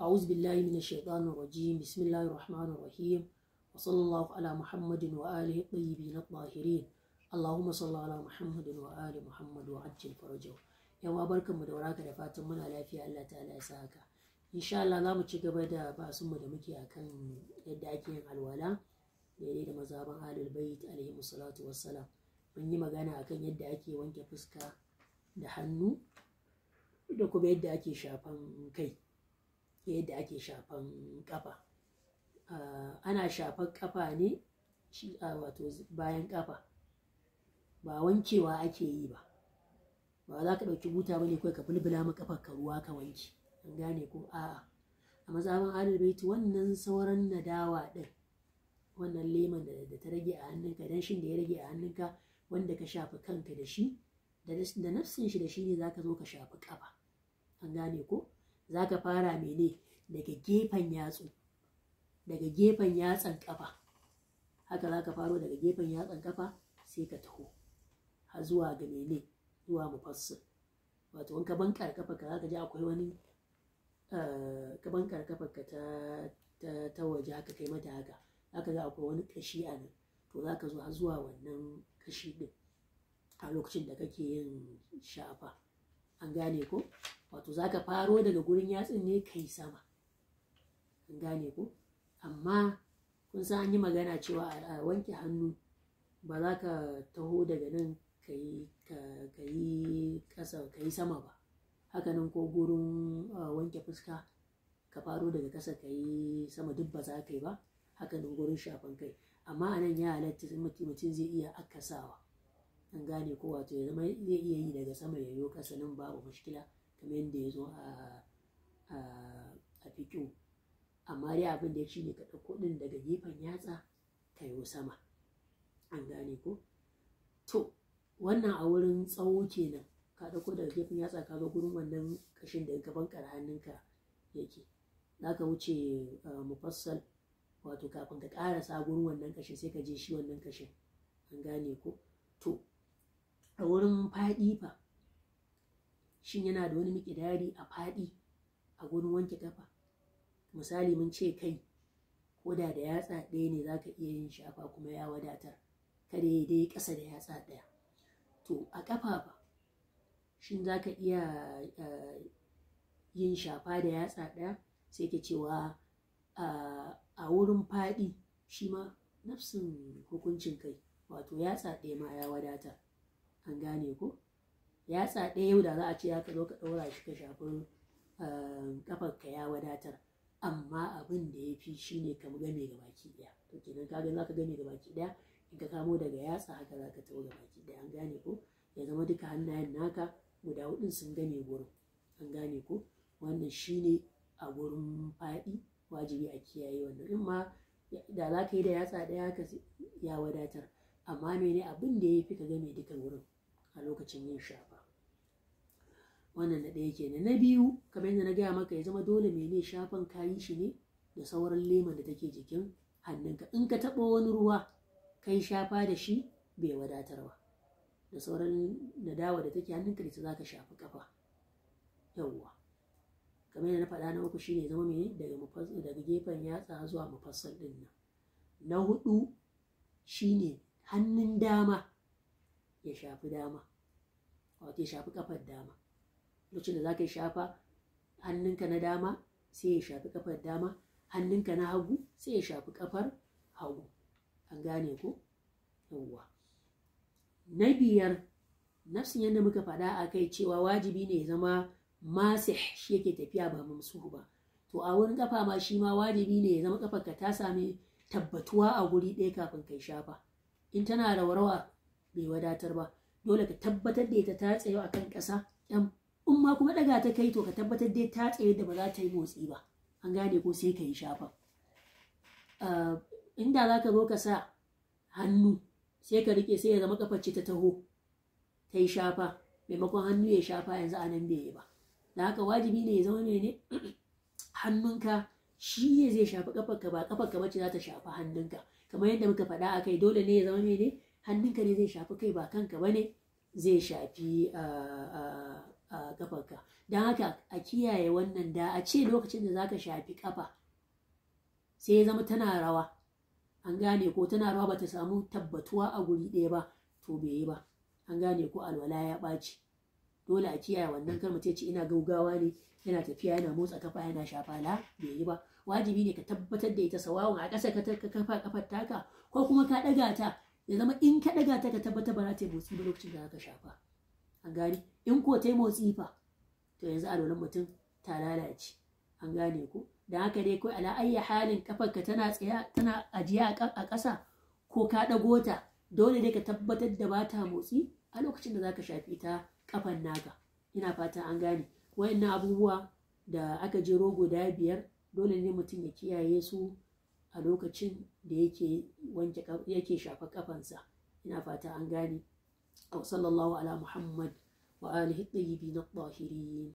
أعوذ بالله من الشيطان الرجيم بسم الله الرحمن الرحيم وصلى الله على محمد وآله الطيبين الطاهرين اللهم صل على محمد وآل محمد وعجل فرجه yawa barkanmu da waraka da fatan muna lafiya Allah ta'ala ya sa haka insha Allah za mu ci gaba da mu da muke akan yadda ake yin alwala daidai da mazaban ahlul bait alaihi salatu wassalam mun yi magana akan yadda ake wanke fuska da hannu da kuma yadda ake shafan kai yadda ake shafan kafa ah, ana shafan kafa ne ah, wato bayan kafa ba wankewa ake yi ba ba za ka ɗauki buta ba ne kawai ka bulbula ma kafar ka ruwa ka wanke an gane ko a'a a mazaban adal baiti wannan sauran nadawa ɗin wannan leman da ta rage a hannunka dan shin da ya rage a hannunka wanda ka shafi kanka da shi da nafsin shi da shi ne za ka zo ka shafi kafa an gane ko za ka fara mene daga gefen yatsu daga gefen yatsan kafa haka za ka faro daga gefen yatsan kafa sai ka taho har zuwa ga mene zuwa mufassir wato in ka bankar kafa ka za ka ji akwai wani eh, ka ban karkafa ka ta ta waje haka kai mata haka haka za akwai wani kashi a nan to za ka zo har zuwa wannan kashi din a lokacin da kake yin shafa an gane ko wato za ka faro daga gurin yatsun ne kai sama an gane ko amma kun sa an yi magana cewa a wanke hannu ba za ka taho daga nan ka yi kasa ka yi sama ba hakanan ko gurin wanke fuska ka faro daga ƙasa ka yi sama duk ba za ka yi ba hakanan gurin shafan kai amma a ya halatta mutum zai iya akasawa an gane ko wato ya zama zai iya yi daga sama ya yi ƙasa nan babu mashkila kamar da ya zo a fiƙo amma dai abin da shi ne ka ɗauko ɗin daga gefen yatsa ka yi sama an gane ko to wannan a wurin tsawo kenan ka ɗauko daga gefen yatsa ka zo gurin wannan ƙashin da gaban ƙar hannunka yake za ka wuce mufassal wato kafin ka ƙarasa gurin wannan ƙashin sai ka je shi wannan ƙashin an gane ko to a wurin faɗi fa shin yana da wani mikidari a faɗi a gurin wanke kafa misali mun ce kai ko da yatsa ɗaya ne zaka iya yin shafa kuma ya wadatar kada ya dai ƙasa da yatsa ɗaya to a kafa ba shin zaka iya eh, yin shafa da yatsa ɗaya sai ke cewa eh, a wurin faɗi shi ma nafsin hukuncin kai wato yatsa ɗaya ma ya wadata. an gane ko yatsa ɗaya yau da za a ce ya ka zo ka ɗora shi ka shafi kafar eh, ka ya wadatar amma abin da ya fi shi ne ka game ga baki ɗaya to kenan ka ga za ka game ga baki ɗaya in ka kamo daga yatsa haka za ka taɓa ga baki ɗaya an gane ko ya zama duka hannayen naka guda huɗun sun game gurin an gane ko wannan ne a gurin faɗi wajibi a kiyaye wannan in ma da za ka yi da yatsa ɗaya ka ya wadatar amma mene abin da ya fi ka game duka gurin a lokacin yin shafa wannan da ɗaya kenan na biyu kamar yadda na gaya maka ya zama dole mene shafan kayi shi ne da sauran leman da take jikin hannunka in ka taɓa wani ruwa kai shafa da shi bai wadatar ba da sauran nadawa da take hannunka da za ka shafi kafa yawwa kamar yadda na faɗa na uku shine zama mene daga gefen yatsa zuwa mafassal ɗin nan na hudu shine hannun dama ya shafi dama wato ya shafi kafar dama lokacin da za ka shafa hannunka na dama sai ya shafi kafar dama hannunka na hagu sai ya shafi kafar hagu an gane ko yawwa na biyar nafsin yadda muka faɗa a kai cewa wajibi ne zama masih shi yake tafiya ba mamsuhu ba to a wurin kafa ma shi ma wajibi ne ya zama ka ta sami tabbatuwa a guri ɗaya kafin kai shafa in tana rawa-rawa bai wadatar ba dole ka tabbatar da ita ta tsayo akan ƙasa 'yan in ma kuma daga ta kai to ka tabbatar dai ta tsaye da ba za ta yi motsi ba an gane ko sai ka yi shafa eh, inda za ka zo ka sa hannu sai ka rike sai ya zama kafar ta taho ta yi shafa maimakon hannu ya shafa yanzu anan bai yi ba da haka wajibi ne ya zama ne hannunka shi ne zai shafi ka ba ka bace za ta shafi hannunka kamar yadda muka faɗa a kai dole ne ya zama ne hannunka ne zai shafi kai ba kanka ba ne zai shafi eh, eh, kafarka don haka a kiyaye wannan da a ce lokacin da zaka shafi kafa sai ya zama tana rawa an gane ko tana rawa bata samu tabbatuwa a guri ɗaya ba to bai yi ba an gane ko alwala ya ɓaci dole a kiyaye wannan kar mutum ce ina gaugawa ne yana tafiya yana motsa kafa yana shafa la bai yi ba wajibi ne ka tabbatar da ita sawawun a ƙasa ka kafa kafar taka ko kuma ka ɗaga ta ya zama in ka ɗaga ta ka tabbatar ba za ta yi motsi ba lokacin da zaka shafa an gani in ko ta motsi fa to yanzu a alwalan mutum ta lalace an gane ko don haka dai kawai ala ayya halin kafarka tana tsaya tana ajiya a ƙasa ko ka ɗago ta dole dai ka tabbatar da ba ta motsi a lokacin da zaka shafi ta kafan naka ina fata an gane na abubuwa da aka je rogo da biyar dole ne mutum ya kiyaye su a lokacin da yake wanke yake shafa kafansa ina fata an gane وصلى الله على محمد وآله الطيبين الطاهرين